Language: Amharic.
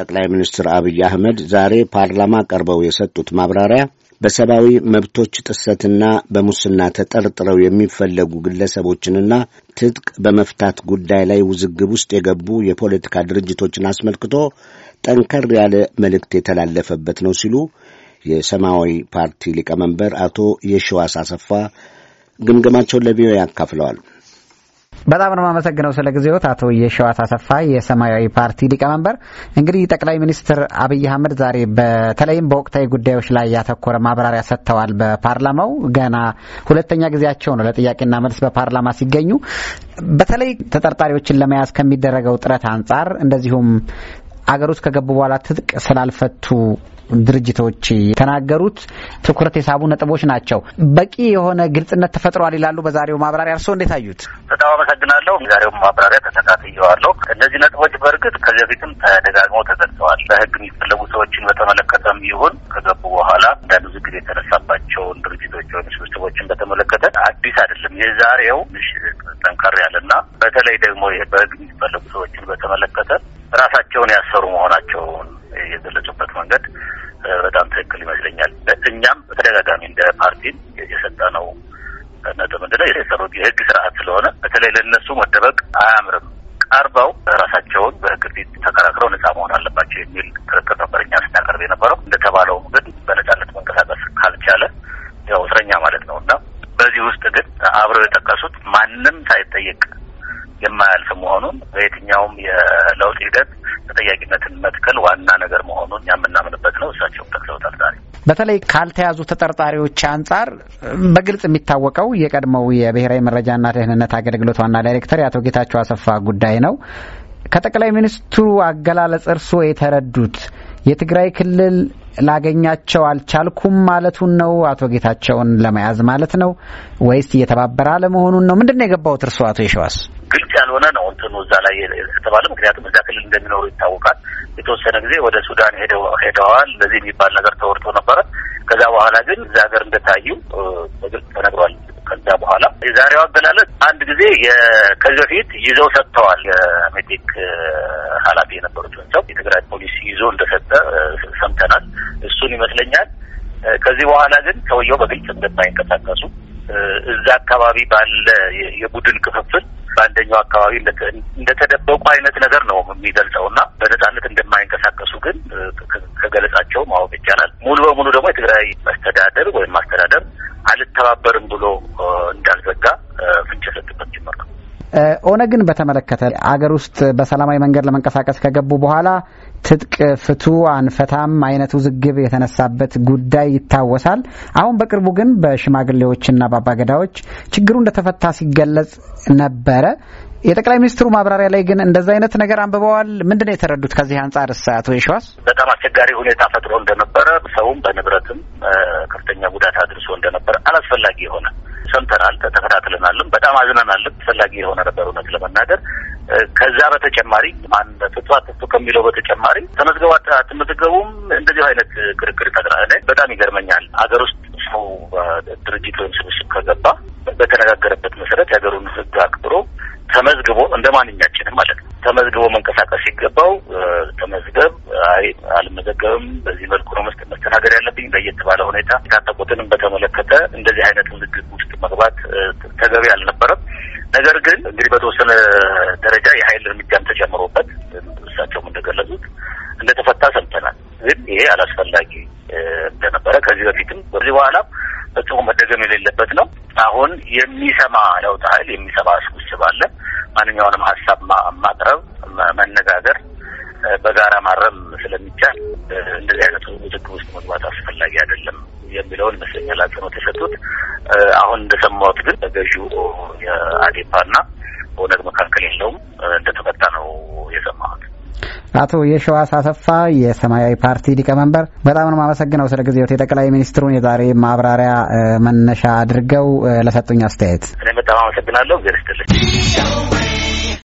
ጠቅላይ ሚኒስትር አብይ አህመድ ዛሬ ፓርላማ ቀርበው የሰጡት ማብራሪያ በሰብአዊ መብቶች ጥሰትና በሙስና ተጠርጥረው የሚፈለጉ ግለሰቦችንና ትጥቅ በመፍታት ጉዳይ ላይ ውዝግብ ውስጥ የገቡ የፖለቲካ ድርጅቶችን አስመልክቶ ጠንከር ያለ መልእክት የተላለፈበት ነው ሲሉ የሰማያዊ ፓርቲ ሊቀመንበር አቶ የሸዋስ አሰፋ ግምገማቸውን ለቪኦኤ አካፍለዋል። በጣም ነው የማመሰግነው ስለ ጊዜዎት አቶ የሸዋስ አሰፋ የሰማያዊ ፓርቲ ሊቀመንበር። እንግዲህ ጠቅላይ ሚኒስትር አብይ አህመድ ዛሬ በተለይም በወቅታዊ ጉዳዮች ላይ ያተኮረ ማብራሪያ ሰጥተዋል። በፓርላማው ገና ሁለተኛ ጊዜያቸው ነው ለጥያቄና መልስ በፓርላማ ሲገኙ። በተለይ ተጠርጣሪዎችን ለመያዝ ከሚደረገው ጥረት አንጻር እንደዚሁም አገር ውስጥ ከገቡ በኋላ ትጥቅ ስላልፈቱ ድርጅቶች የተናገሩት ትኩረት የሳቡ ነጥቦች ናቸው። በቂ የሆነ ግልጽነት ተፈጥሯል ይላሉ በዛሬው ማብራሪያ። እርስዎ እንዴት አዩት? በጣም አመሰግናለሁ። የዛሬው ማብራሪያ ተከታትየዋለሁ። እነዚህ ነጥቦች በእርግጥ ከዚህ በፊትም ተደጋግመው ተዘግተዋል። በህግ የሚፈለጉ ሰዎችን በተመለከተም ይሁን ከገቡ በኋላ አንዳንድ ብዙ የተነሳባቸውን ድርጅቶች ወይም ስብስቦችን በተመለከተ አዲስ አይደለም። የዛሬው ትንሽ ጠንከር ያለና በተለይ ደግሞ በህግ የሚፈለጉ ሰዎችን በተመለከተ ራሳቸውን ያሰ ወስደው የሰጠሩት የህግ ስርዓት ስለሆነ በተለይ ለነሱ መደበቅ አያምርም። ቀርበው ራሳቸውን በህግ ፊት ተከራክረው ነጻ መሆን አለባቸው የሚል ክርክር ነበር እኛ ስናቀርብ የነበረው። እንደተባለው ግን በነጻነት መንቀሳቀስ ካልቻለ ያው እስረኛ ማለት ነው እና በዚህ ውስጥ ግን አብረው የጠቀሱት ማንም ሳይጠየቅ የማያልፍ መሆኑን በየትኛውም የለውጥ ሂደት ተጠያቂነትን መትከል ዋና ነገር መሆኑን እኛ የምናምንበት ነው እሳቸው በተለይ ካልተያዙ ተጠርጣሪዎች አንጻር በግልጽ የሚታወቀው የቀድሞው የብሔራዊ መረጃና ደህንነት አገልግሎት ዋና ዳይሬክተር የአቶ ጌታቸው አሰፋ ጉዳይ ነው። ከጠቅላይ ሚኒስትሩ አገላለጽ እርስዎ የተረዱት የትግራይ ክልል ላገኛቸው አልቻልኩም ማለቱን ነው? አቶ ጌታቸውን ለመያዝ ማለት ነው ወይስ እየተባበረ አለመሆኑን ነው? ምንድን ነው የገባሁት? እርስዎ አቶ የሸዋስ ግልጽ ያልሆነ ነው እንትኑ እዛ ላይ የተባለ ምክንያቱም እዛ ክልል እንደሚኖሩ ይታወቃል። የተወሰነ ጊዜ ወደ ሱዳን ሄደዋል እንደዚህ የሚባል ነገር ተወርቶ ነበረ። ከዛ በኋላ ግን እዛ ሀገር እንደታዩ በግልጽ ተነግሯል። ከዛ በኋላ የዛሬው አገላለጽ አንድ ጊዜ ከዚህ በፊት ይዘው ሰጥተዋል የሜቴክ ከዚህ በኋላ ግን ሰውየው በግልጽ እንደማይንቀሳቀሱ እዛ አካባቢ ባለ የቡድን ክፍፍል በአንደኛው አካባቢ እንደተደበቁ አይነት ነገር ነው የሚገልጸው እና በነጻነት እንደማይንቀሳቀሱ ግን ከገለጻቸው ማወቅ ይቻላል። ሙሉ በሙሉ ደግሞ የትግራይ መስተዳደር ወይም ማስተዳደር አልተባበርም ብሎ እንዳልዘጋ ፍንጭ ሰጥበት ጀመር። ኦነግን በተመለከተ አገር ውስጥ በሰላማዊ መንገድ ለመንቀሳቀስ ከገቡ በኋላ ትጥቅ ፍቱ አንፈታም አይነት ውዝግብ የተነሳበት ጉዳይ ይታወሳል። አሁን በቅርቡ ግን በሽማግሌዎችና በአባገዳዎች ችግሩ እንደተፈታ ሲገለጽ ነበረ። የጠቅላይ ሚኒስትሩ ማብራሪያ ላይ ግን እንደዛ አይነት ነገር አንብበዋል። ምንድን ነው የተረዱት? ከዚህ አንጻር አቶ የሸዋስ በጣም አስቸጋሪ ሁኔታ ፈጥሮ እንደነበረ ሰውም በንብረትም ከፍተኛ ጉዳት አድርሶ እንደነበረ አላስፈላጊ የሆነ ሰምተናል፣ ተከታትለናልም፣ በጣም አዝነናልም። አስፈላጊ የሆነ ነበር እውነት ለመናገር። ከዛ በተጨማሪ ማን ፍቶ አትፍቶ ከሚለው በተጨማሪ ተመዝገቡ አትመዘገቡም እንደዚህ አይነት ክርክር ተግራ በጣም ይገርመኛል። ሀገር ውስጥ ሰው ድርጅት ወይም ስብስብ ከገባ በተነጋገረበት መሰረት የሀገሩን ህግ አክብሮ ተመዝግቦ እንደ ማንኛችንም ማለት ነው ተመዝግቦ መንቀሳቀስ ሲገባው ተመዝገብ፣ አይ አልመዘገብም፣ በዚህ መልኩ ነው መስጠት መስተናገድ ያለብኝ ለየት ባለ ሁኔታ የታጠቁትንም በተመለከተ እንደዚህ አይነት ውዝግብ ውስጥ መግባት ተገቢ አልነበረም። ነገር ግን እንግዲህ በተወሰነ ደረጃ የኃይል እርምጃም ተጨምሮበት እሳቸውም እንደገለጹት እንደተፈታ ሰምተናል። ግን ይሄ አላስፈላጊ እንደነበረ ከዚህ በፊትም በዚህ በኋላ በጽሁም መደገም የሌለበት ነው። አሁን የሚሰማ ለውጥ ኃይል የሚሰማ ስብስብ አለ። ማንኛውንም ሀሳብ ማቅረብ፣ መነጋገር፣ በጋራ ማረም ስለሚቻል እንደዚህ አይነቱ ውዝግብ ውስጥ መግባት አስፈላጊ አይደለም። የሚለውን ይመስለኛል አጽንኦት የሰጡት። አሁን እንደሰማሁት ግን በገዢው የአዴፓና በኦነግ መካከል የለውም እንደተፈታ ነው የሰማሁት። አቶ የሸዋስ አሰፋ የሰማያዊ ፓርቲ ሊቀመንበር፣ በጣም ነው የማመሰግነው ስለ ጊዜዎት የጠቅላይ ሚኒስትሩን የዛሬ ማብራሪያ መነሻ አድርገው ለሰጡኝ አስተያየት። እኔ በጣም አመሰግናለሁ። ጊዜ